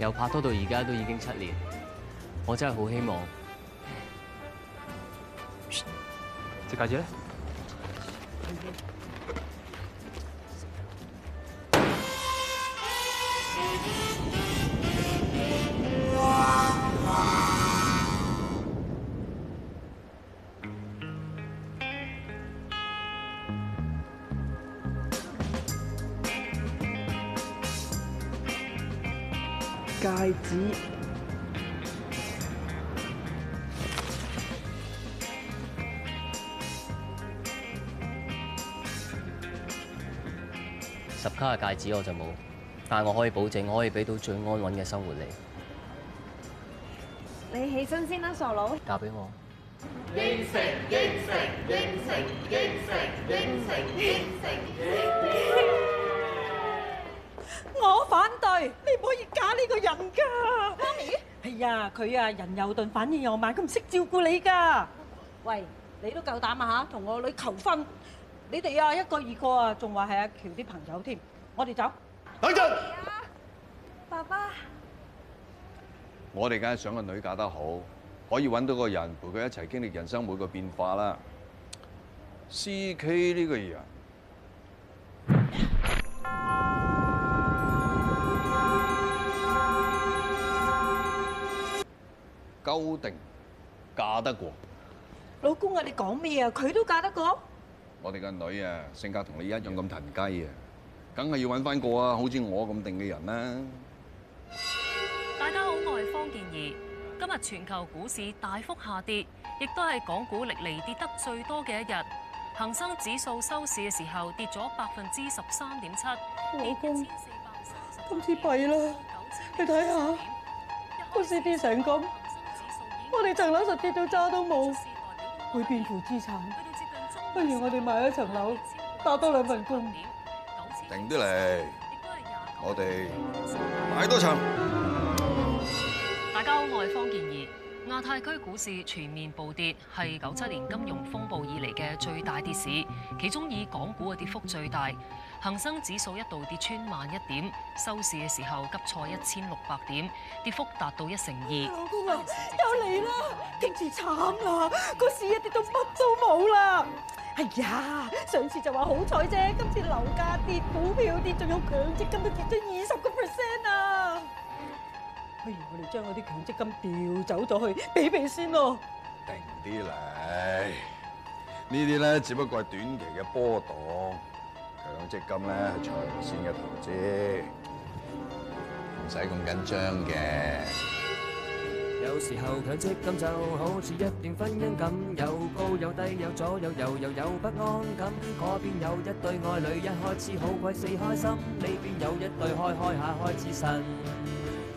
由拍拖到而家都已經七年，我真係好希望隻戒指咧。戒指，十卡嘅戒指我就冇，但我可以保證我可以俾到最安穩嘅生活你。你起身先啦，傻佬。嫁俾我。應承，應承。唔該，媽咪。係啊，佢啊人又鈍，反應又慢，佢唔識照顧你㗎。喂，你都夠膽啊嚇，同我女求婚？你哋啊一個二個啊，仲話係阿喬啲朋友添？我哋走。等陣。爸爸，我哋梗係想個女嫁得好，可以搵到個人陪佢一齊經歷人生每個變化啦。CK 呢個嘢。夠定嫁得過，老公啊！你講咩啊？佢都嫁得過。我哋個女啊，性格同你一樣咁騰雞啊，梗係要搵翻個啊，好似我咁定嘅人啦。大家好，我係方健儀。今日全球股市大幅下跌，亦都係港股歷嚟，跌得最多嘅一日。恆生指數收市嘅時候跌咗百分之十三點七。老公，今次弊啦，你睇下，股市跌成咁。我哋層樓實跌到渣都冇，會變負資產。 不如我哋買一層樓，打多兩份工，定啲嚟。我哋買多層。亞太區股市全面暴跌，係九七年金融風暴以嚟嘅最大跌市，其中以港股嘅跌幅最大，恒生指數一度跌穿萬一點，收市嘅時候急挫一千六百點，跌幅達到一成二。哎，老公啊，又嚟啦！今次慘啦，個市一跌到乜都冇啦。哎呀，上次就話好彩啫，今次樓價跌，股票跌，仲有強積金都跌咗二十個 percent。不如我哋將嗰啲強積金調走咗去避避先咯。定啲嚟，呢啲咧只不過係短期嘅波動，強積金咧係長線嘅投資，唔使咁緊張嘅。有時候強積金就好似一段婚姻咁，有高有低，有左有右，又有不安感。嗰邊有一對愛侶一開始好鬼死開心，呢邊有一對開開下開始神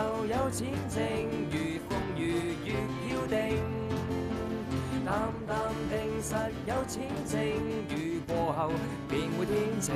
有錢剩，遇風雨越要定，淡淡定實有錢，有錢剩，雨過後便會天晴。